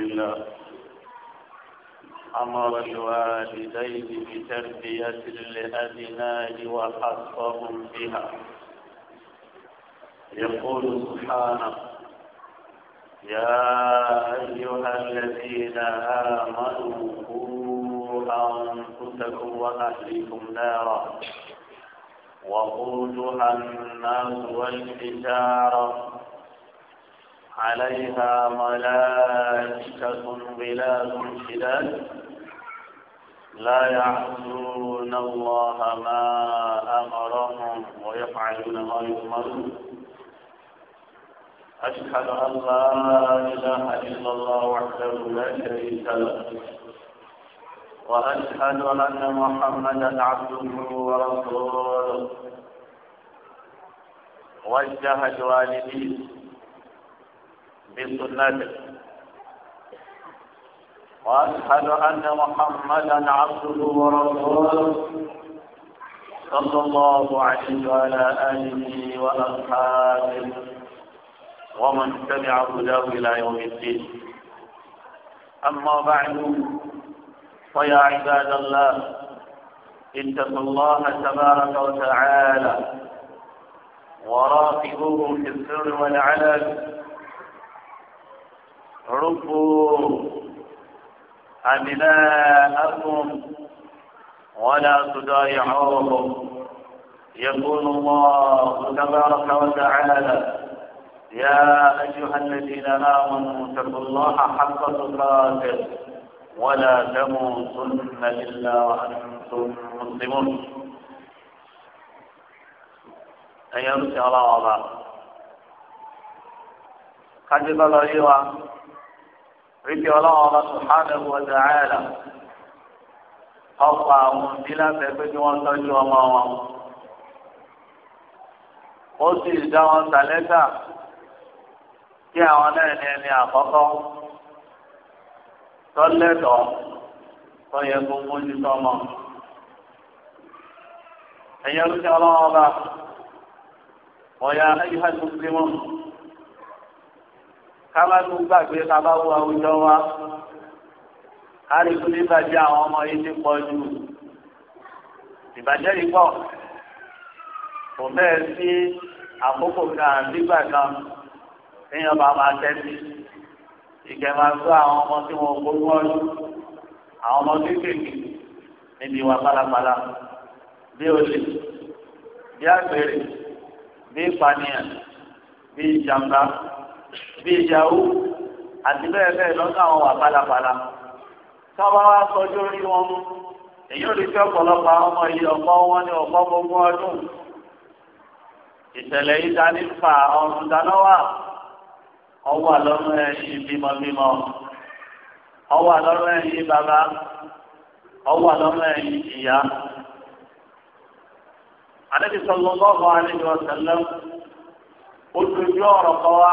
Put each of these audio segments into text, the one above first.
لله أمر الوالدين بتربية لأبناء وحفهم بها يقول سبحانه يا أيها الذين آمنوا قوا أنفسكم وأهلكم نارا وقودها الناس والحجارة عليها ملائكة غلاظ شداد لا يعصون الله ما أمرهم ويفعلون ما يؤمرون أشهد أن لا إله إلا الله وحده لا شريك له وأشهد أن محمدا عبده ورسوله وجه الوالدين بسنته وأشهد أن محمدا عبده ورسوله صلى الله عليه وعلى آله وأصحابه ومن تبع هداه إلى يوم الدين أما بعد فيا عباد الله اتقوا الله تبارك وتعالى وراقبوه في السر والعلن ربوا أبناءكم ولا تدايعوهم يقول الله تبارك وتعالى يا أيها الذين آمنوا اتقوا الله حق تقاته ولا تموتن إلا وأنتم مسلمون أيها الله kájí bá ríbi ọlọ́wọ́ ọba subhanahu wa ta'ala ọ̀pọ̀ àwọn ìdílé afẹ́fẹ́ tí wọ́n tọ́jú ọmọ wọn. ó sì dá wọn sàlẹ́sà kí àwọn náà ní ẹni àkọ́kọ́ tọ́lẹ́tọ̀ tó yẹ kó mójú tọ́mọ. ẹ̀yẹ́ ló ti ọlọ́wọ́ ọba wọ́n yá ayé hàn tó wọn ká má tún gbàgbé ká bá wọ àwùjọ wa ká lè tún lè bàjẹ́ àwọn ọmọ yìí ti pọ̀ jù ìbàjẹ́ yìí pọ̀ kò bẹ́ẹ̀ sí àkókò kan nígbà kan téèyàn bá máa tẹ́tí ìkẹ́ sọ àwọn ọmọ tí wọ́n kó wọ́ọ́lù àwọn ọmọ kéékèèké níbi ìwà pálapàla bí olè bí àgbèrè bí ìpànìyàn bí ìjàmbá. bíi ìyàwó àti bẹ́ẹ̀ bẹ́ẹ̀ lọ́sọ̀ àwọn wà pálapàla tí wá sọjú rí wọn mú èyí ò lè fi ọ̀pọ̀lọpọ̀ àwọn ọmọ yìí ọ̀pọ̀ wọn ní ọ̀pọ̀ gbogbo ọdún ìṣẹ̀lẹ̀ yìí dání ọ̀run dáná wà bímọbímọ bàbá ìyá. àdébísọ̀ wa.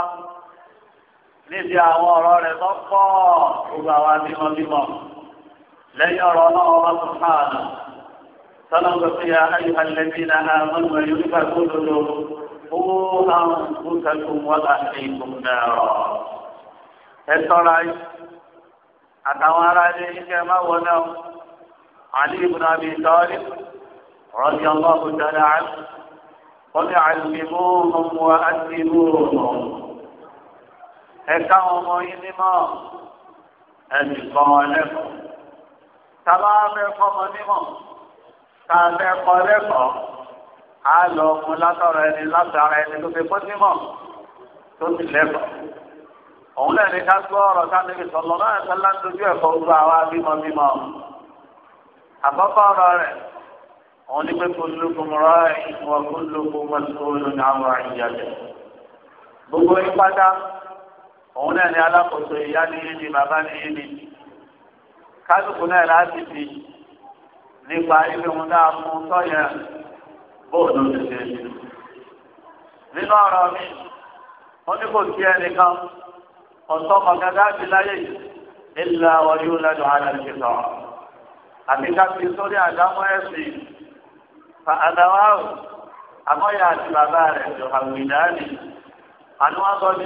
níbi àwọn ọ̀rọ̀ rẹ̀ tó pọ̀ gbogbo àwa bímọbímọ lẹ́yìn ọ̀rọ̀ ọlọ́wọ́ bá tún fáànù sọlọ́gbọ̀n fi ya ayé alẹ́bí na àmọ́nù ẹ̀yọ́ nípa gbódòdó owó àwọn gbókàkùn wọn láti ìkùn náà ẹ tọ́ra yìí àtàwọn ará ilé iṣẹ́ máa wọ náà àlè ìbùnà àbí ìtọ́rí rọ́bì ọlọ́ọ̀kú dáadáa wọ́n ní àlùmí mú ọmọ àti mú ọmọ ẹ̀ka ọmọ yín nímọ̀ ẹ̀sìn kọ́ ọ lẹ́kọ̀ọ́ tábà fẹ́ fọmọ nímọ̀ tá a fẹ́ kọ́ lẹ́kọ̀ọ́ á lọ mú látọ̀rọ̀ ẹni látara ẹni tó fi kó nímọ̀ tó sì lẹ́kọ̀ọ́ òun náà ká gbọ́ ọ̀rọ̀ sáré fi sọ̀rọ̀ náà sálá ń ẹ̀kọ́ gbọ́ àwa bímọ bímọ àkọ́kọ́ ọ̀rọ̀ rẹ̀ òun ní pé kullukum ra'in wa kullukum mas'ulun 'an ra'iyyatihi gbogbo yín pátá. òun náà ni alákòóso ìyá ni yé ni bàbá ni yé ni kálukú náà láti fi nípa ilé wọn náà mú sọyẹ bóòdù tètè nínú ọ̀rọ̀ mi wọn ní kò sí ẹnìkan ọ̀tọ̀ ọ̀gádá ti láyé ìlà ọ̀yọ́ lẹ́nu ara ti sọ àti sórí àdámọ́ ẹ̀sìn fa àti bàbá rẹ̀ jọ àwìn dání àni sọ ní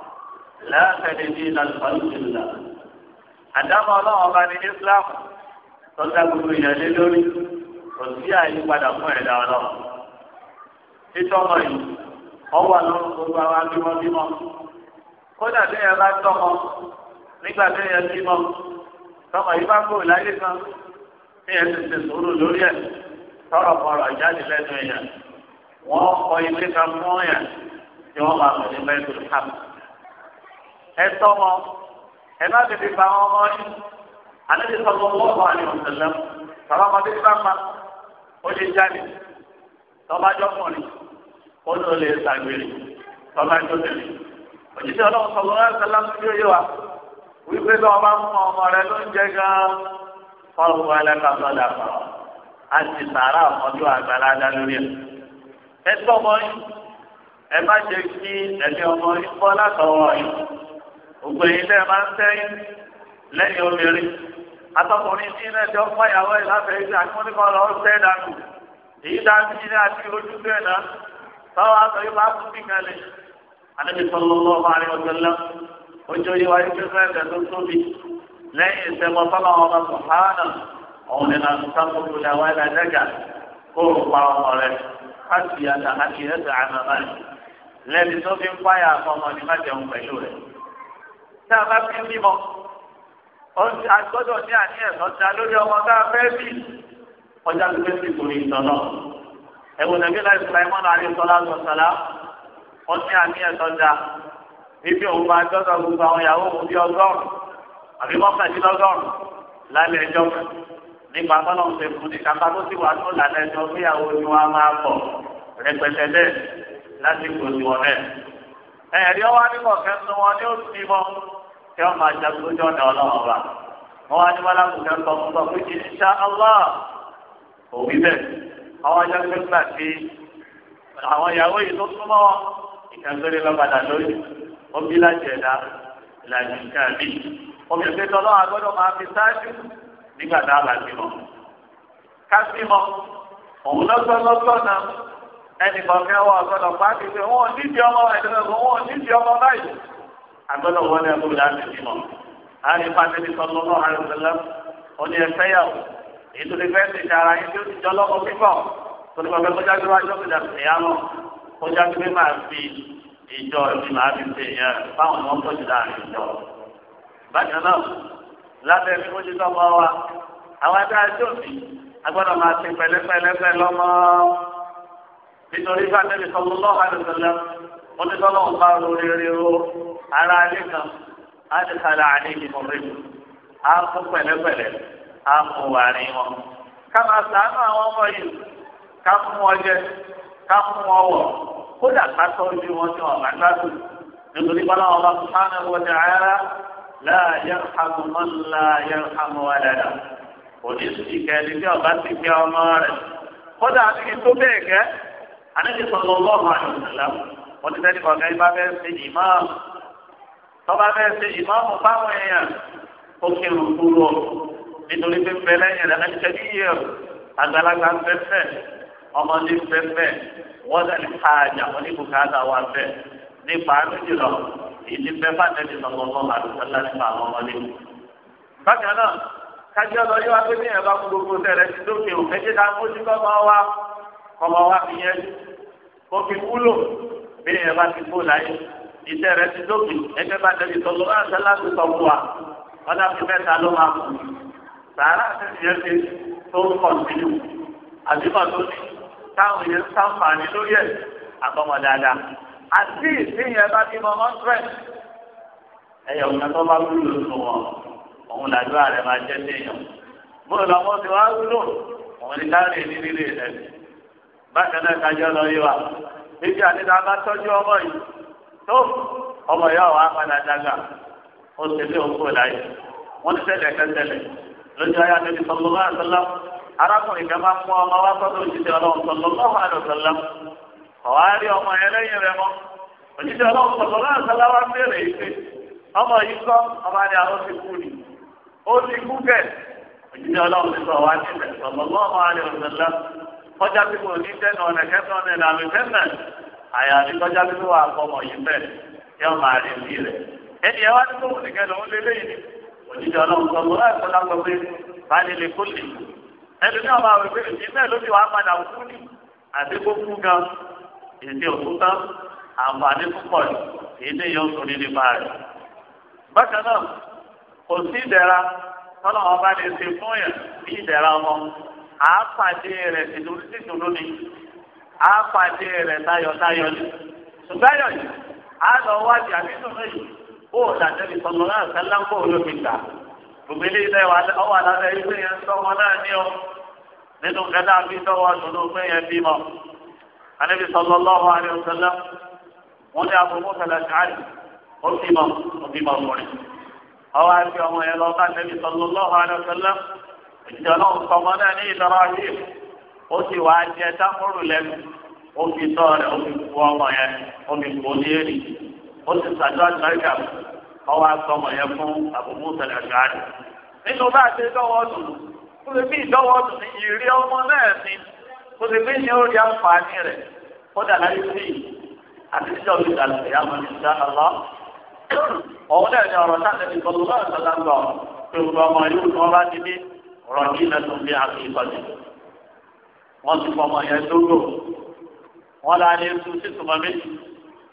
láàfẹ̀lẹ̀ ní ìlànà àdámọ̀ ọlọ́run ọba ní Islam tó dá gbogbo èèyàn lé lórí kò sí àyípadà fún ẹ̀dá ọlọ́run. títọ́mọ yìí ọwọ́ àlọ́run gbogbo àwọn abímọ bímọ kódà tó yẹ bá tọ́mọ nígbà tó yẹ bímọ tọ́mọ yìí bá gbò láyé kan tí yẹ ti ṣe sùúrù lórí ẹ̀ tọrọ kọrọ jáde lẹ́nu èèyàn wọ́n kọ ilé kan fún yẹn tí wọ́n máa pè ní mẹ́tò hàmù ẹtọ́ mọ ẹ má bèbè bá wọn mọ́ ní alẹ́ sọ̀rọ̀ wọ́pọ̀ àlẹ́ òṣèlú bàbá ọmọdé bá ma ó lè jáde tọ́ba jọ́kùnrin ó ló lè sàgbèrè tọ́ba jọ́kùnrin òjijì ọlọ́run sọ̀rọ̀ wọ́n ṣẹlá sí yóyé wa wípé bí wọ́n bá mú ọmọ rẹ ló ń jẹ gan-an fọ́ọ̀mù ẹlẹ́kàtọ́ dàpọ̀ á ti sàárà ọjọ́ àgbàlá lórí ẹtọ́ ọmọ yìí ẹ má jẹ́ kí ẹ̀mí gbogbo èyí tẹ́ ẹ máa ń tẹ́yìn lẹ́yìn obìnrin atọ́kùnrin tí iná ẹjọ́ fọ́yàwó ẹ̀ láfẹ́ ibi àkúnníkan lọ tẹ́ dànù èyí dànù iná àti ojú bẹ́ẹ̀ náà tọ́wọ́ àtọ́ yóò bá tún bí kalẹ̀ alẹ́bí sọlọ́lọ́ ọba rẹ̀ ọ̀gbẹ́lá ojú yìí wáyé pé fẹ́ẹ́ bẹ̀ tó tóbi lẹ́yìn ìṣẹ́gun tọ́lọ́ ọba sọ̀hánà ọ̀hún ni láti sábòkú làwọn ẹ̀dá dẹ́gà kó o pa ọmọ rẹ̀ káàkiri àtàkì ẹ̀sẹ̀ àmàmà rẹ̀ lẹ́ni tó fi ń pààyà àfọmọ́ ni má pẹ̀lú rẹ̀ tá a bá fi ń bímọ a gbọ́dọ̀ ní àní ẹ̀sọ́ ta lórí ọmọ tá a fẹ́ bí ọjà tó fẹ́ sí ìkórè ìtàn náà ẹ̀wọ̀n nàbí láì sọ ẹ̀mọ́ náà àrí sọlá sọ sọlá wọ́n ní àní ẹ̀sọ́ ta ibi òun máa gbọ́dọ̀ gbogbo àwọn ìyàwó òun bí ọgọ́rùn-ún àbí mọ́kàndínlọ́gọ́rùn-ún lálẹ́ ẹjọ́ nípa tọ́lọ̀ ń fẹ́kù ní kápá tó ni ẹ̀rí ọwọ́ nígbà kẹ́sàn-án wọn ni ó ti mọ tí wọ́n máa jagun lójú ọ̀nà ọlọ́run ọba wọ́n wá ní wàhálà kùkẹ́ sọ fún sọ pé insha Allah òwí bẹ́ẹ̀ àwọn ajá pé nígbà tí àwọn ìyàwó yìí tó súnmọ́ ìkàgbére lọ́padà lórí omi láti ẹ̀dá ìlànà ìka mi omi ìpèsè ọlọ́run agbọ́dọ̀ máa fi sáájú nígbà tá a bá bímọ. ká bímọ òun lọ́sọ lọ́sọ náà ẹnì kọ̀ọ̀kan wọ ọ̀sọ̀dọ̀ pàápàá wọn ò ní agbọ́dọ̀ wọlé ẹgbẹ́ láti bímọ. àárín fásitì sọ́dún náà àrùn sílẹ̀ ó ní ẹsẹ̀ yà wò ètò ìfẹ́ ti ṣe ara yín tí ó ti jọ lọ́kọ̀ pípọ̀ tó ní bàbá kọjá tó wájú ọ̀gbìn àti ìyámọ̀ kọjá tó máa fi ìjọ ìdí máa fi ṣe ìyá báwọn ni wọ́n tọ́jú láàrin ìjọ. bákan náà lábẹ́ ẹni wọ́n ti tọ́mọ wa àwọn ẹgbẹ́ ajé òbí agbọ́dọ̀ máa ṣe pẹ̀lẹ́pẹ̀lẹ́pẹ̀ lọ́mọ nítorí bá tẹ́lẹ̀ sọ́mọ́ lọ́wọ́ wọ́n ti tọ́lọ́ ń bá rori ríro ara alẹ́ kan á ti kalẹ̀ àní ìmọ̀ rẹ̀ á fún pẹ̀lẹ́pẹ̀lẹ́ á fún wàrin wọn. ká máa sàánú àwọn ọmọ yìí ká fún wọn jẹ ká fún wọn wọ̀ kódà ká tọ́jú wọn tí wọn bá gbádùn nítorí bọ́lá wọn bá sùpánà wọn ara láàyè àmọ́ láàyè àmọ́ wà dáadáa òní ìkẹ́ni tí ọba ti gbé ọmọ rẹ̀ kódà àti tó bẹ́ẹ̀ gẹ́ àníbi sọ̀rọ̀ lọ́wọ́ àyọ̀sẹ̀ láwọn wọ́n ti fẹ́ ní kọ̀ọ̀kan yìí bá fẹ́ ṣe ìmáàmù tọ́ba fẹ́ ṣe ìmáàmù fáwọn èèyàn ó kí n kúrò nítorí pé bẹ́lẹ̀ yẹn lẹ́nu ṣẹ́bí yẹ àgbàlagbà fẹ́fẹ́ ọmọdé fẹ́fẹ́ wọ́n dẹ̀ káàjà wọ́n ní bùkátà wà fẹ́ nípa àdúgbò lọ ìdí fẹ́fà tẹ̀lé lọ́gbọ́n àdúgbò nípa àwọn ọmọdé. bákan náà kájọ lọ yíwá pé bíyẹn bá gbogbo tẹ̀lé ti lókè òfẹ́jẹ́ ká mójútó ọmọ wa ọmọ wa fi yẹn kó fi wúlò bí ẹ bá ti kó láyé iṣẹ́ rẹ ti dókè ẹgbẹ́ bá tẹ̀lé tọ́lọ́ bá tẹ̀lé láti sọ fún wa ọ̀dà fi mẹ́ta ló máa kù sàárà tẹ̀lé yẹn ti tó ń kọ̀ǹtínú àdìmọ̀ tó ní táwọn yẹn sáǹfààní lórí ẹ̀ àbọ̀mọ̀ dáadáa àti ìsìnyẹn bá bí mọ́ mọ́tírẹ̀ ẹ̀yọ̀ ọ̀nà tó bá wúlò lóṣù wọn òun làdúrà rẹ̀ máa jẹ́ séèyàn bóyá lọ́mọ́ ti wá wúlò òun ni káàrin nílé rẹ̀ bákan ebi àdéhà bá tọ́jú ọmọ yìí tó ọmọ yà wà padà dàgbà ó tẹ̀lé òkú láyé wọ́n ti tẹ̀lé kẹtẹ̀lé lójú ayé àtẹ̀lé sọ̀rọ̀ bá àtọ̀lá arákùnrin kan máa ń mú ọmọ wá sọ́dọ̀ òjijì ọlọ́run sọ̀rọ̀ bá wà lọ́sọ̀lá ọ̀wá rí ọmọ yẹn lẹ́yìn rẹ mọ́ òjijì ọlọ́run sọ̀rọ̀ bá àtọ̀lá wá béèrè ìpè ọmọ yìí kọ́ ọmọ ni àwọn ti kú ni ó ti kú kẹ̀ òjijì ọlọ́run ti sọ̀rọ̀ wá nílẹ̀ sọ̀rọ̀ bá wà lọ́sọ̀lá kọjá pípé òní tẹnu ọ̀nà kẹsàn ọ̀nà ìlànà ìfẹ́fẹ́ àyàfi kọjá pípé wà fọmọ yìí fẹ́ yẹ ọmọ àrè sí rẹ̀. ẹni ẹwà tó wù nìkan lòún lélẹ́ yìí òjijì ọlọ́run sọ mọ́ ẹ̀kọ́ lágbọ́ pé báyìí lè kó lè. ẹnu ní ọmọ àwọn ìpè ìdí mẹ́ẹ̀ lóde wàá padà kú ni àti gbogbo gan èdè òkúta àǹfààní púpọ̀ èdè yóò sọ àápàdé rẹ̀ tìdúró tìdúró ni àápàdé rẹ̀ tayọ̀tayọ̀ ni ṣùgbọ́n yọ̀ yìí á lọ wájú àbí tuntun yìí ó dàdébi sọ̀rọ̀ náà sẹ́lá ń kó olómi gbà gbogbo ilé ilẹ̀ wa ọwọ́ àlàfẹ́ ilé yẹn sọ́wọ́ náà ní ọ nínú gẹ́gẹ́ àbí sọ́wọ́ dùnú pé yẹn bímọ. àníbi sọ̀rọ̀ lọ́wọ́ àríwá sẹ́lá wọ́n ní àbúrò mọ́tàlá ṣáàlì ó bímọ ó bímọ ọkùnrin. ọwọ́ àti ọmọ yẹn lọ bá ìjọba ọ̀sọ̀mọ náà ní Ibrahim ó sì wá jẹ sáfúrú lẹ́nu ó fi tọ́ rẹ̀ ó fi kú ọmọ yẹn ó fi kú ní èrì ó sì sàdúrà sọ́jà ọwọ́ yẹn a ṣe dọ́wọ́ dùn ó lè bí ìdọ́wọ́ dùn ní ìrí ọmọ náà sí ó bí ní orí àǹfààní rẹ̀ ó dà láyé sí àti ní náà ni ọ̀rọ̀ rọ̀jí lẹ́nu bí àfihàn wọ́n ti fọmọ yẹn dúró wọ́n lọ alẹ́ tu sísùnmọ́ méjì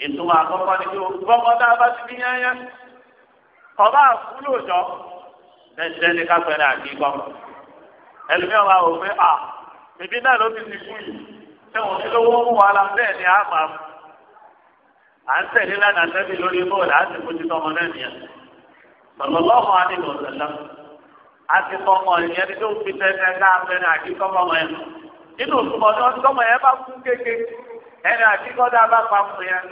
ìtumọ̀ àkọ́kọ́ ni kí o gbọ́mọ tá a bá ti fi yányá ọba àkúlò jọ bẹ́ẹ̀ ní kápẹ́rẹ́ àkíkọ́ ẹlòmíràn wà wò pé à ìbí náà ló ti ti kú yìí ṣé wọ́n ti lówó mú wa bẹ́ẹ̀ ni a máa mú à ń tẹ̀lé lánàá tẹ́bi lórí bóòlù à ń tẹ̀kọ́ náà nìyẹn sọ̀rọ̀ lọ́wọ́ àdìgbò sẹ̀lẹ̀ àti fọmọ ìyẹn tó fi tẹ́tẹ́ láàbẹ̀rẹ̀ àkíkọ́ fọmọ yẹn nínú òṣùpọ̀ náà tọmọ yẹn bá kú kéke ẹni àkíkọ́ dá bá pa fún yẹn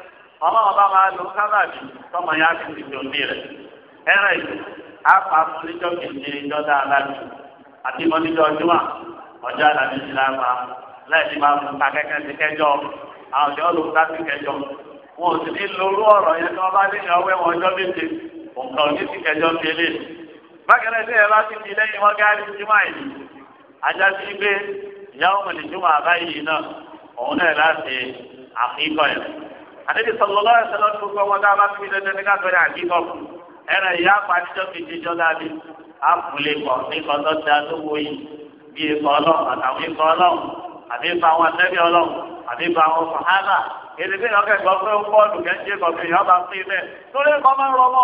ọmọ ọba máa lo sábàbí tọmọ yẹn á fi ti dùn ní rẹ̀ ẹ̀rẹ̀ yìí á pa fún níjọ́ kejì níjọ́ dáadáa jù àti mọ́ níjọ́ ọjọ́ wa ọjọ́ àdàbí ti láàbà lẹ́yìn máa fún ta kẹ́kẹ́ ti kẹjọ àwọn ọjọ́ ló ta ti kẹjọ wọn ò bákẹ́lẹ́ ilé yẹn bá ti di lẹ́yìn wọn gáàrí jùmọ̀ yìí ajá sí pé ìyàwó mi lè jùmọ̀ àbáyìí náà òun náà láti àkíkọ̀ yẹn. àdébí sọlọ́lọ́ ẹ̀sẹ̀ lọ́dún gbogbo wọn dá bá fi dandan ní káàkiri àkíkọ̀ fún ẹ̀rọ ìyá àpàdéjọ́ fi jíjọ́ dábí àpùlé pọ̀ ní kọ́tọ́ ti adówó yìí bí ikọ̀ ọlọ́run àtàwọn ikọ̀ ọlọ́run àbí ipa àwọn ẹ̀mẹ́bí ọlọ́run àbí ipa àwọn fàhánà èdè bí ìyọkẹ́ gbọ́ pé ó pọ̀ lùkẹ́ ń jẹ́ kọ̀ọ̀kan ìyọ́ bá pín bẹ́ẹ̀ torí ẹ̀kọ́ máa ń rọ ọmọ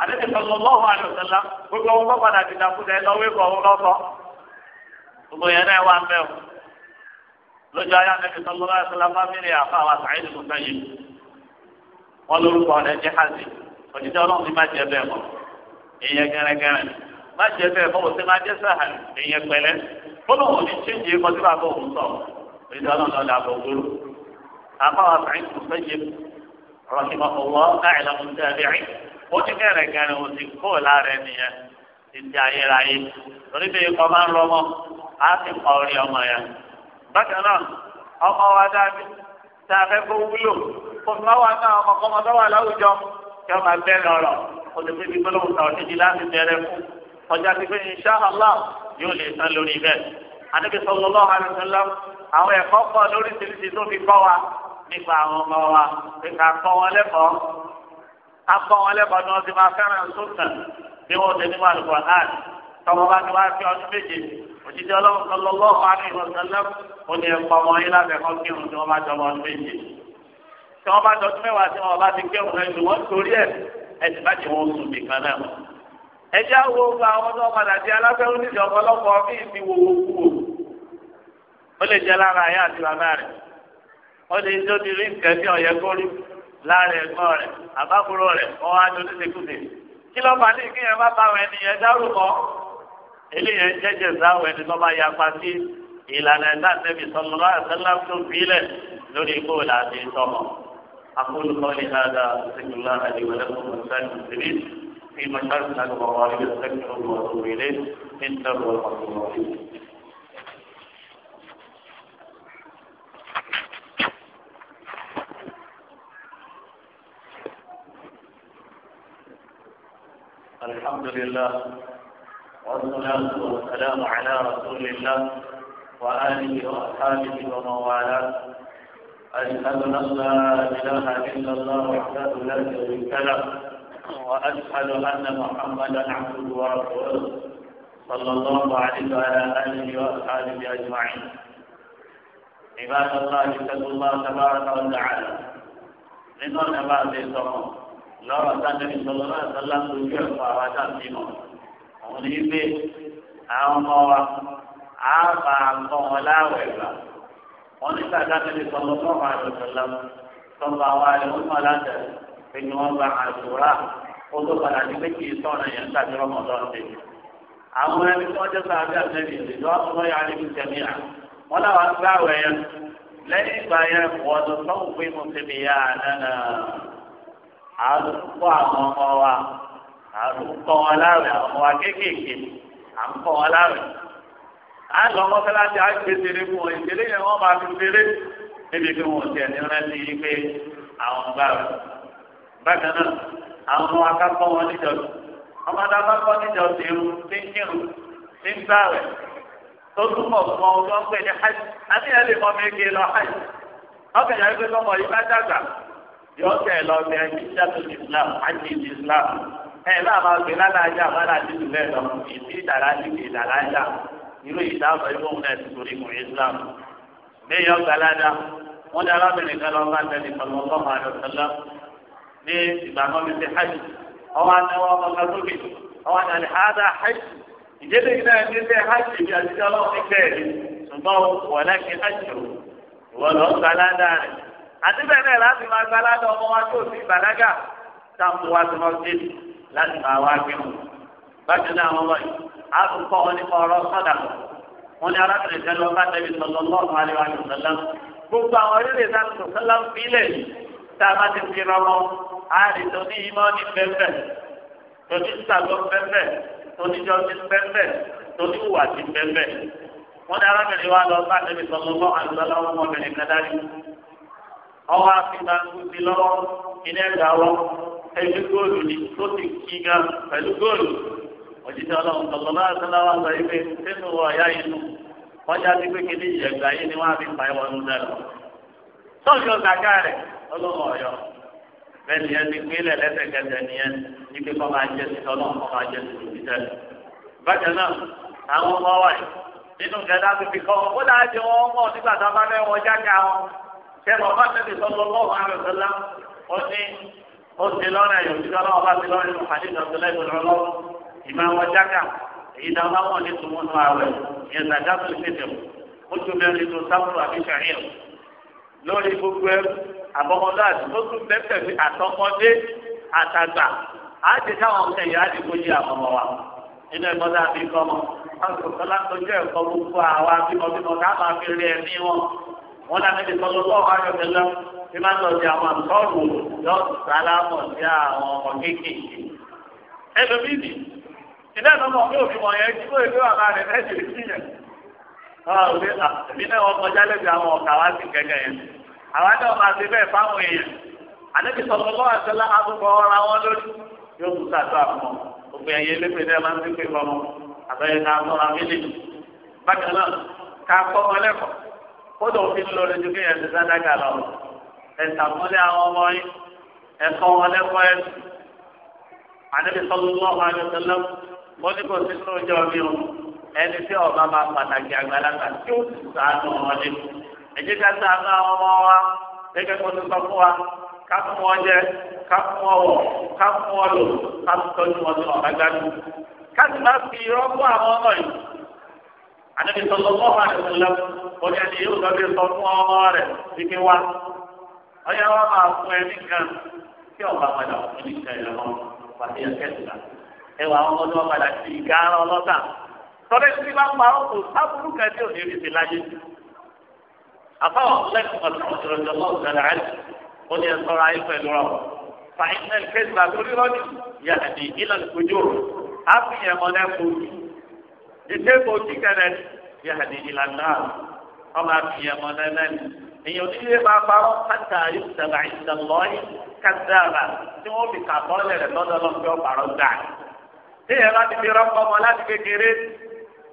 àdéhùn sọlọ́lọ́hùn àdùnsẹ́lá gbogbo wọn bá padà ti dàkúdà ẹ̀ lọ́wọ́ ikọ̀ ọ̀hún lọ́sọ̀ gbogbo yẹn náà wà mẹ́ o lójú ayé àdéhùn sọlọ́lọ́hùn àdùnsẹ́lá fámìlì àfa àwọn sàáyé nìkan yìí wọn lórúkọ rẹ̀ jẹ́ hàzì òjijì ọlọ́run ti má jẹ bẹ́ẹ̀ mọ́ èèyàn gẹ́rẹ́gẹ́rẹ́ má jẹ bẹ́ẹ̀ mọ́ òsè má jẹ́ sáà èèyàn pẹ̀lẹ́ fọlọ́ wọn ni ṣé ń yé òun sọ òjijì ọlọ́run lọ́dà bọ̀ gbòòrò ó ti bẹ̀rẹ̀ gẹ̀rẹ̀ ó ti kó lára ẹni yẹn títí ayérayé torí bí ikọ̀ máa ń lọ mọ́ á sì kọ́ orí ọmọ yẹn. bákan náà ọmọ wa dábí tá a fẹ́ kó wúlò kó fi máa wà náà ọmọkọ́mọ tó wà láwùjọ kí ọmọ abẹ́ lọ́rọ̀ ó ti fi gbólóhùn sọ̀rọ̀ títí láti bẹ̀rẹ̀ fún ọjà ti pé insha Allah yóò lè san lórí bẹ́ẹ̀. àníbi sallallahu alaihi wasallam àwọn ẹ̀kọ́ pọ̀ lóríṣiríṣi tó fi kọ́ wa nípa àwọn ọmọ akọ wọn lẹ́kọ̀ọ́ ni wọ́n ti máa fẹ́ràn sókàn bí wọ́n ti ní wà lùkọ̀ náà tọmọ bá ti wá fi ọdún méje òjijì ọlọ́run kan lọ́wọ́ àárín ìwọ̀sánlẹ́ ó ní ẹ̀kọ́ ọmọ yín láti ẹ̀kọ́ kírun tí wọ́n bá jọ ọdún méje tí wọ́n bá jọ ọdún mẹ́wàá tí wọ́n bá ti kírun náà ju wọ́n torí ẹ̀ ẹ̀ bá jẹ wọn sùn nìkan náà. ẹ jẹ́ àwọn àwọn tó padà di aláfẹ́ oníṣẹ́ ọ̀pọ̀lọpọ̀ láàrin ẹ̀gbọ́n rẹ̀ àbábúrò rẹ̀ ọwọ́ adúlé ṣekúṣe kí ló bá ní kíyẹn bá bá àwọn ènìyàn dárò mọ́ eléyẹn jẹ́jẹ́ sáwọn ẹni tó bá yapa sí ìlànà ẹ̀dá àtẹ́bí sọlọ́lá àtẹ́lá tó bílẹ̀ lórí ikú làásì tọmọ. أقول قولي هذا أستغفر الله لي ولكم ولسائر المسلمين في مشارق الأرض وأستغفر الله وأتوب إليه إنه هو الغفور الرحيم الحمد لله والصلاة والسلام على رسول الله وآله وأصحابه ومن والاه أشهد أن لا إله إلا الله وحده لا شريك له وأشهد أن محمدا عبده ورسوله صلى الله عليه وعلى آله وأصحابه أجمعين عباد الله اتقوا الله تبارك وتعالى ما بعد الصلاة lọ́rọ̀ sáńdẹ́bí sọlọ náà sọlá tó ju ẹ̀kọ́ àwọn ajá sí mọ́ òun ní pé àwọn ọmọ wa á bá a kọ́ wọn láwẹ̀ gbà wọ́n ní sàdá tẹ́lẹ̀ sọlọ náà wà lọ sọlá sọlá wa ni wọ́n mọ̀ láti pé ni wọ́n gba àdúrà ó tó padà ní pé kì í sọ̀rọ̀ yẹn tàbí ọmọ lọ́ọ̀dẹ. àwọn ẹni tí jẹ́ sàdá tẹ́lẹ̀ ìdíjọ́ àdúgbò àwọn ọmọ wa wọn àwọn ọmọ wa kéékèèké à ń kọ́ wọn a lọ mọ́sálásí á gbé seré fún wọn ìṣeré yẹn wọ́n máa fi seré níbi tí wọ́n ti ẹ̀ní rántí yìí pé àwọn gbà rẹ̀. bákan náà àwọn ọmọ akápọ̀ wọn irun tí ń kírun tí ń tó túmọ̀ fún ọ di kẹ́ lọ sí ẹni islam àti islam ẹ bá máa gbé lálàájá bá láti tù bẹ́ẹ̀ lọ ìdí ìdàrá ti gbé ìdàrájà irú náà ti torí islam bẹ́ẹ̀ yọ galada wọ́n dá arábìnrin kan lọ́wọ́ láti ẹni kan lọ́wọ́ máa lọ sọ́lá ní ìgbà kan fi ṣe hajj ọwọ́ anáwọ́ ọmọ kan lókè ọwọ́ hajj ìdílé náà ti hajj hajj àti bẹ́ẹ̀ bẹ́ẹ̀ láti máa gba aládọ́ ọmọ wa tó sí ìbàlágà táwọn wa tó máa dé láti máa wá gbé wọn. bákan náà wọn wọ̀nyí a tún kọ́ wọn nípa ọ̀rọ̀ sọ́dà wọn ni arákùnrin kan lọ bá tẹ̀lé sọ̀tọ̀ lọ́ọ̀mù aríwá yóò sọ̀lá gbogbo àwọn orílẹ̀ èdè àti sọ̀tọ̀lá ń filẹ̀ tá a bá ti fi rọrọ a lè ìmọ̀ ní pẹ́pẹ́ tó ní pẹ́pẹ́ tó ọwọ́ àfihàn gbòdì lọ́wọ́ ilé ẹ̀gbà wọ́ ẹ̀jú góòlù ni tó ti kí gan pẹ̀lú góòlù òjijì ọlọ́run tọ̀tọ̀ náà sọ́nà wà sọ ife sínú ọ̀yá inú wọ́n já pé kí yìí ni á fi pa ni ẹni ní pé kọ́ máa títọ́ náà kọ́ máa títọ́ títẹ́. náà àwọn ọmọ nínú gẹ̀dá tó fi kọ́ dáa ṣé bàbá tẹ̀lé sọ́dọ̀ lọ́wọ́ àrùsọ́lá ó ní ó ti lọ́rọ̀ ẹ̀yọ̀ tí ọlọ́wọ́ bá ti lọ́rọ̀ ẹ̀yọ̀ àti ìdọ̀tẹ́lẹ̀ ìdọ̀lọ́wọ́ ìmọ̀ àwọn jákà èyí dá wọn wọn ní tòun nù àwẹ̀ ìyẹn sàdá tó ṣe tẹ̀ ó tún bẹ́ẹ̀ ní sábúrò àbí sàríyàn lórí gbogbo ẹrú àbọ̀mọdáàdì ó tún bẹ́ẹ̀ pẹ̀lú àtọkọ́dé àtàgbà á ti káwọn ẹ̀yà á ti gbójú àbọ̀mọ wa nínú ẹ̀kọ́ tá a fi kọ́ mọ́ ọ̀sán kọ́lá tó jẹ́ ẹ̀kọ́ gbogbo àwa bímọ bímọ ká fi rí ẹ̀mí wọn wọn là níbi sọ́dọ̀ lọ́wọ́ ayọ̀kẹ́ lọ bí máa ń lọ sí àwọn àtọ́rù lọ sálámọ̀ sí àwọn ọmọ kéékèèké. ẹlòmíì nì ilé ìlọ́mọ mi ò fi mọ̀ yẹn kí lóye lóye àbá rẹ̀ mẹ́sì rí sí yẹn. mi náà wọn kọjá lẹ́bi àwọn ọ̀kà wá sí gẹ́gẹ́ yẹn. àwa náà máa ṣe bẹ́ẹ̀ fáwọn èèyàn. àníbi sọ̀tọ̀ lọ́wọ́ àtẹlá àbúkọ ọ̀rọ̀ àwọn lójú yóò tún sàtọ́ àfọ̀. òpin ẹ̀yẹ lépè náà máa ń dín pé fọmọ àbẹ̀yẹ ká tọ́ra mílíọ̀nù. bákan náà ká kọ́ kódà òfin lórí ju kéèyàn ti sádàkà lọ ẹ̀sàmúlẹ̀ àwọn ọmọ yín ẹ̀kọ́ wọn lẹ́kọ́ ẹ̀sùn ànábi sallallahu alaihi wasallam wọ́n ní kò sí nínú ìjọ mi o ẹni tí ọba máa pàtàkì àgbàlagbà tí ó sì sàánù wọn ni ẹ̀jẹ̀ ká sàánù àwọn ọmọ wa gẹ́gẹ́ kó ti sọ fún wa ká fún wọn jẹ ká fún wọn wọ ká fún wọn lò ká tọ́jú wọn ní ọ̀gá gbádùn ká sì má fi irọ́ fún àwọn ọmọ yìí ànábi sọ̀tọ̀ lọ́wọ́ àdìsọ́lá oní ẹni yóò sọ bí sọ fún ọmọ rẹ̀ wípé wá ọyá wa máa fún ẹni kan tí ọba padà fún ní ìṣẹ̀lẹ̀ lọ pàṣẹ ẹ̀kẹ́sìlá ẹwà ọmọ ní wọn padà sí ìgára ọlọ́tà tọ́lẹ̀ tí bá pa ọkọ̀ sábúrú kan tí ò ní rí ti láyé àfọwọ́ lẹ́kọ̀ọ́ ọ̀sọ̀rọ̀sọ̀rọ̀ lọ́sọ̀rọ̀ oní ẹ̀sọ́ra ayé pẹ̀lú rọ̀ fàìsẹ̀ kẹsìlá torí rọ́ọ̀dì yàtì ìlànà ìkójó àfihàn ẹ̀mọ́ e kò tí kẹlẹ̀ ní yàrá ìlànà ọmọ àfihàn ọmọ nẹ́nẹ́ ni èèyàn onílé máa parọ́ káta yóò tẹ̀lé àìsàn lọ́yìn kájáàbà tí wọ́n fi kàtọ́ lẹ̀rẹ̀ lọ́dọ̀ lọ́dọ̀ parọ́ gbà. tí yẹn bá fi rọ́pò ọmọ láti kékeré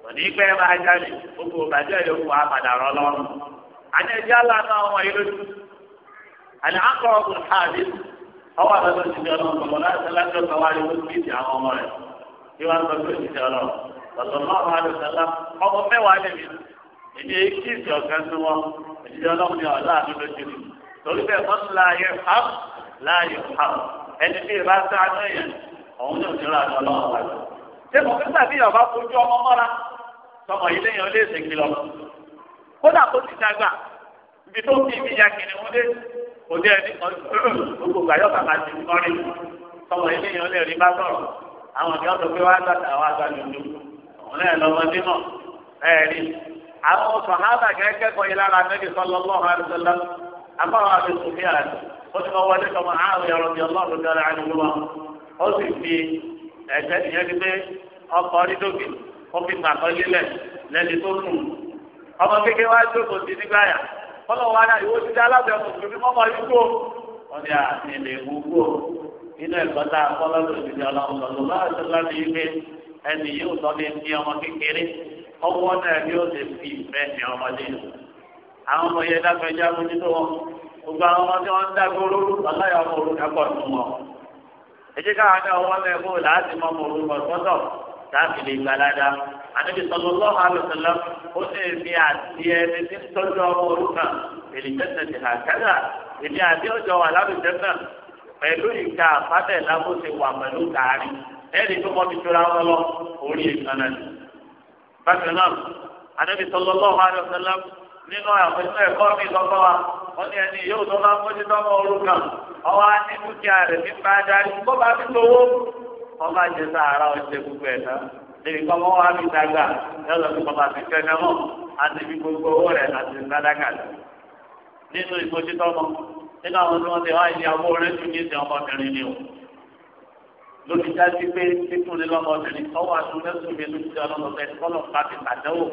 òní pẹ́ máa jáde gbogbo bàjẹ́ yòókù á padà rọ́ lọ́rùn. àti ẹ̀jẹ̀ aláàánú àwọn ìlú àti ọwọ́ ti fi lọ́lọ́mọ́ àlùsọ́lá ọmọ mẹ́wàá lèmi ìdí kí ìjọ kan sí wọn ìdí ọlọ́run ni ọ̀la àti lójú ni torí bẹ́ẹ̀ wọ́n la yẹ ham la yẹ ham ẹni bí ìbá sáánú yẹn òun ní òjò rà lọ́lọ́ ọ̀la. ṣé mo fi sàbí ọba fojú ọmọ mọ́ra tọmọ ilé yẹn lè ṣègbè lọ. kódà kó ti dàgbà ibi tó fi ibi ya kìnìún dé òde ẹni gbogbo àyọ̀ bàbá ti kọrin tọmọ ilé yẹn lè rí bá sọ̀rọ̀ àwọn ìyá ọ̀dọ́ pé wọ́n á gbà òun ẹ̀ lọ́mọdé mọ̀ ẹ̀rí àwọn sọ̀hábà kẹ́kẹ́kọ̀ọ́ yìí lára nẹ́bí sallallahu alaihi wasallam àbáwọ̀ àti sùfíà ó ti mọ wọlé tọmọ àrùn yọrọ bí ọlọ́run dára àdúgbò wọn ó sì fi ẹ̀jẹ̀ nìyẹn ti pé ọkọ̀ onídókè ó fi gbàgbọ́ lílẹ̀ lẹ́ni tó nù ọmọ kékeré wá jókòó sí nígbàyà kọ́lọ̀ wa náà ìwọ ti dá alábẹ́ ọkùnrin mọ́mọ́ yìí ẹni yóò tọ́ bí fi ọmọ kékeré ọwọ́ náà yóò ti fi ìfẹ́ ní ọmọdé àwọn ọmọ yẹn dákẹ́jọ́ amójútó wọn gbogbo àwọn ọmọ tí wọ́n ń dágbóró ọláyà ọmọ orúkọ pọ̀ nù wọn. ètí káwọn náà wọ́n bẹ̀ kó láti mọ ọmọ orúkọ sọ́tọ̀ láti lè gbalada àdébí sallallahu alaihi wasallam ó lè fi àti ẹni tí tọ́jú ọmọ orúkọ èlì tẹ́tẹ̀ ti hà kẹ́gà èmi àti ẹ̀rí tó mọ́ ti tura wọn lọ orí ìkànnà ni. bákan náà anábì sọlọ lọ́wọ́ àrẹ ọ̀sẹ̀lá nínú àpẹẹrẹ ẹ̀kọ́ mi lọ́kọ́ wa wọ́n ní ẹni yóò tó máa ń mójú tó ọmọ orúkà ọwọ́ á ní dúkìá rẹ̀ nípa adarí bó bá fi tó owó wọ́n bá jẹ sàárà ọ̀sẹ̀ gbogbo ẹ̀ náà lèyìn kọ́ wọ́n wá mi dàgbà yọ̀lọ̀ fi bàbá mi fẹ́ mẹ́mọ́ àti fi gbogbo owó rẹ̀ àti sàdákà nínú ìmójútó nínú àwọn tí wọ́n ti wá ní lórí dájú pé títúni lọ́mọbìnrin ọwọ́ àtúnlẹ́sùn mi lójú ọlọ́mọbìnrin kọ́lọ̀ pàtì pàdánwò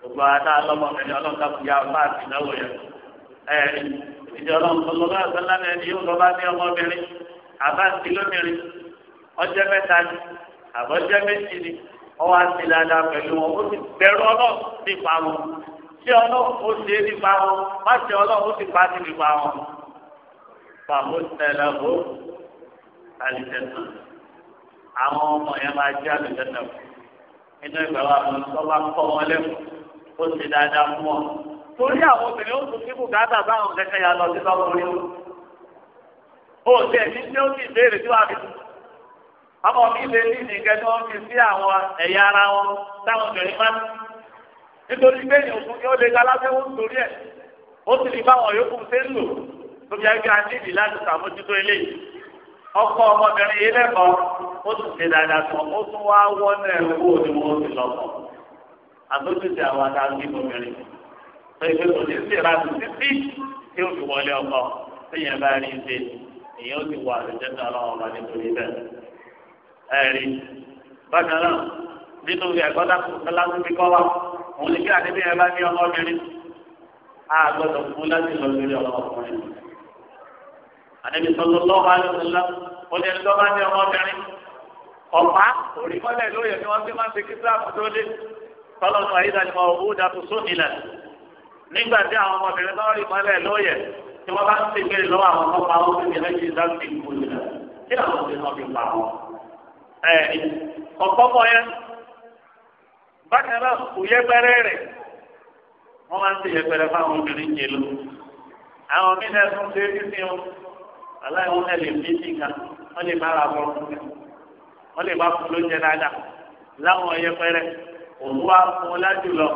gbogbo àdá lọ́mọbìnrin ọlọ́ta kò yá ọba àtìnáwó yẹn ẹ ìdí ọlọ́mọbìnrin ọlọ́mọbìnrin ẹni yóò lọ́ba ní ọmọbìnrin àbá ti lómìnrin ọjọ́ mẹ́ta ni àbọ̀jọ́ méjì ni ọwọ́ àti dáadáa pẹ̀lú wọn ó ti bẹ̀rù ọlọ́ nípa wọn tí ọlọ́ ó ṣe nípa wọn má ṣe ọlọ́ ó ti pa alìjẹsà àwọn ọmọ yẹn máa jẹ alìjẹsà inú ìgbà wa ló ń sọ́ba kọ́ wọn lẹ́kọ̀ọ́ ó ti dáadáa fún ọ. torí àwọn obìnrin ó tún kí bùkátà báwọn kẹkẹ yà lọ sí lọ́kùnrin o. ó ti ẹ̀mí tí ó ti béèrè tí wàá fi tún. ọmọ mi lè ní nìkẹ́ tí wọ́n fi sí àwọn ẹ̀yà ara wọn táwọn obìnrin máa ń. nítorí bẹ́ẹ̀ ni òkun ni ó lè galáfẹ́ ó ń torí ẹ̀. ó sì ní báwọn yòókù ṣe ń lò. tó fi ẹgbẹ́ adébì láti sàmójútó eléyìí ọkọ ọmọbìnrin yìí lẹ́kọ̀ọ́ ó sì ṣe dáadáa tán ó tún wá wọ́nà ẹ̀kú ni wọ́n ti lọ kọ́ àtúntò àwọn adágbé obìnrin pé kò ní sí ìrántí títí tí ó fi wọlé ọkọ téèyàn bá rí ṣe èèyàn ó ti wà lójútà ọlọ́run ọba nítorí bẹ́ẹ̀. ẹ̀rí bákan náà nínú ẹ̀kọ́ láti fi kọ́ wa òun ní kí àdébíyẹn bá ní ọmọbìnrin á fún láti lọ lórí ọmọkùnrin àdébí sọlọ lọ́wọ́ àlùfẹ́lá ó lè lọ́ bá ní ọmọbìnrin ọ̀pá òrìmọ́lẹ̀ lóye ni wọ́n fi máa ń fi kíkíláàmù tó dé tọ́lọ́nù àyídàlímọ̀ owó dàtú sómìnà nígbà tí àwọn ọmọbìnrin náà rí mọ́lẹ̀ lóye tí wọ́n bá ń ti gbé lọ́wọ́ àwọn ọmọ pa owó ní ẹ̀jẹ̀ ìdáǹtì ìgbòlùdà kí àwọn ọmọbìnrin náà fi pa wọn. ẹ̀ẹ́dì ọ̀pọ̀pọ̀ yẹn bákan náà kò yẹpẹrẹ rẹ̀ wọ́n máa ń ti yẹpẹrẹ fáwọn obìnrin jèlò àwọn mí aláì wọn lè fi sí kan wọn lè má ra wọn wọn lè má fún lóúnjẹ dáadáa láwọn yẹpẹrẹ òun wá fún ọ lájú lọ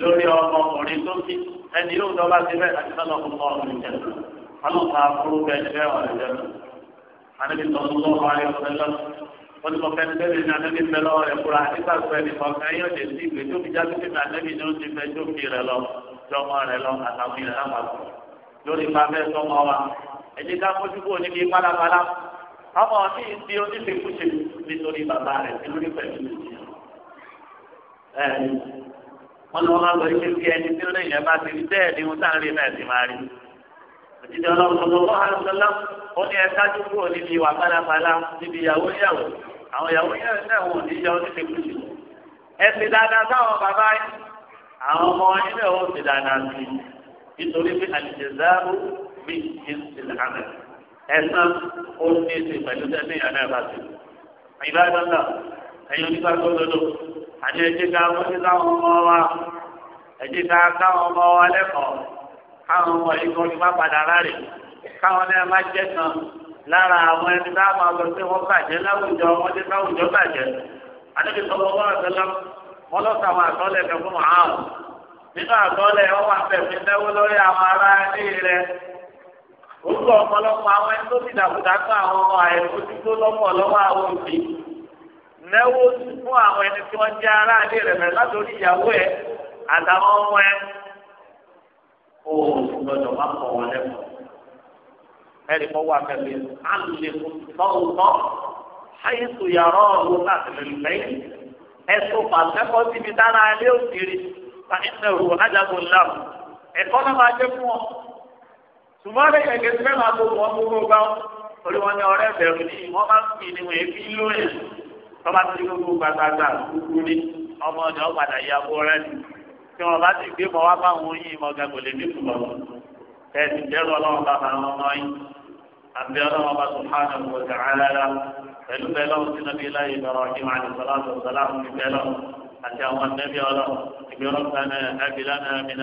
lórí ọmọkùnrin tó fi ẹni yóò dọ́gba síbẹ̀ àti sọ́nà fún ọmọkùnrin jẹ ọlọ́pàá fúru bẹ́ẹ̀ ṣẹ́ ọ̀rẹ́ jẹ àdébí tọ́jú lọ́wọ́ ayé ọ̀rẹ́ lọ wọ́n ti mọ fẹ́ ní bẹ́ẹ̀ ní àdébí bẹ́ẹ̀ lọ́wọ́ rẹ̀ kúrò àdébà pẹ́ ní kọ̀ọ̀kan yóò ẹ̀jẹ̀ ká mójú kó níbi pálápàlá ọmọ mi di oníṣekúṣe nítorí bàbá rẹ̀ nítorí pẹ̀lú ẹ̀ wọ́n ní wọ́n máa ń lọ ilé bí ẹni tí ó lẹ́yìn ẹ̀ bá ti rí bẹ́ẹ̀ ni wọ́n sáré náà ti máa rí òtítọ́ ọlọ́run lọ́wọ́ àlùfẹ́lá ó ní ẹ kájú kúrò níbi ìwà pálápàlá níbi ìyàwó yàwó àwọn ìyàwó yàwó náà wò ní ìyàwó níṣekúṣe ẹ ti dáadáa sáwọn bàbá yìí àwọn ọmọ yìí náà ó ti dáadáa sí i nítorí pé àlìjẹ̀záàrú bí ìsìlẹ̀ àmì ẹ̀sán ó ní ìsìn pẹ̀lú tẹ́lẹ̀ ìyànà ẹ̀ bá ti. ìbáraẹn náà ẹ̀yin onígbà tó lọ́dọ̀ àti ẹ̀jẹ̀ ká wọ́n ti káwọn ọmọ wa ẹ̀jẹ̀ ká káwọn ọmọ wa lẹ́kọ̀ọ́ káwọn ọmọ yìí kan ní má padà rárẹ̀ káwọn náà má jẹ́ kan lára àwọn ẹni tá a máa lọ sí wọn bàjẹ́ láwùjọ wọn ti láwùjọ bàjẹ́ àdébí sọ̀rọ̀ wọn àtẹlẹ wọn lọ àtọ́lẹ̀ fẹ́ fún màá nínú àtọ́lẹ̀ wọn wà fẹ́ fi náwó lórí àwọn ará ilé rẹ̀ orúkọ ọ̀pọ̀lọpọ̀ àwọn ẹni tó ti dàgbùdà fún àwọn ọmọ àìmójútó lọ́pọ̀ lọ́wọ́ àwọn òbí náwó fún àwọn ẹni tí wọ́n jẹ́ ará ilé rẹ̀ mẹ́rin látòrí ìyàwó ẹ̀ àtàwọn ọmọ ẹ̀ ó gbọdọ̀ má pọ̀ wọn lẹ́kọ̀ọ́ ẹ̀rí kọ́ wà kẹ́lẹ́ alùpùpù tọ́wọ́ àyètò yàrá ọ̀rọ̀ láti lè lẹ́yìn ẹ̀sùn pàṣẹ́kọ́ síbi dára ilé òkèrè pàṣẹ ṣùgbọ́n ní kẹ̀kẹ́ tí wọ́n máa tó wọ́n gbogbo gbá orí wọn ní ọ̀rẹ́ bẹ̀rù ni wọ́n máa ń fi ni wọ́n èéfi lóye wọ́n bá ti gbogbo gbàgbàgbà gbogbo ní ọmọ ọ̀dọ́ padà ya bó rẹ́ ni tí wọ́n bá ti gbé mọ́ wá bá wọn yín mọ́ gàgbọ́ lè ní kùbọ̀ ẹ̀sì jẹ́rù ọlọ́run bá máa wọn mọ́ yín àbí ọlọ́run bá subhanahu wa ta'ala pẹ̀lú bẹ́ẹ̀ lọ́wọ́ sí nàbí láyé ìbọ̀rọ̀ ìmọ̀ àti sàlámù sàlámù ní bẹ́ẹ̀ lọ́wọ́ àti àwọn nẹ́bí ọlọ́run ìgbéró kan náà ẹ̀bí lánàá mi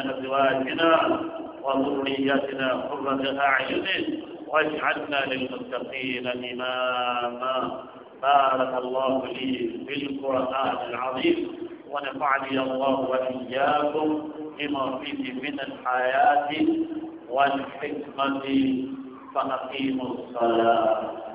وذريتنا قرة أعين واجعلنا للمتقين إماما بارك الله لي في القرآن العظيم ونفعني الله وإياكم بما فيه من الحياة والحكمة فأقيموا الصلاة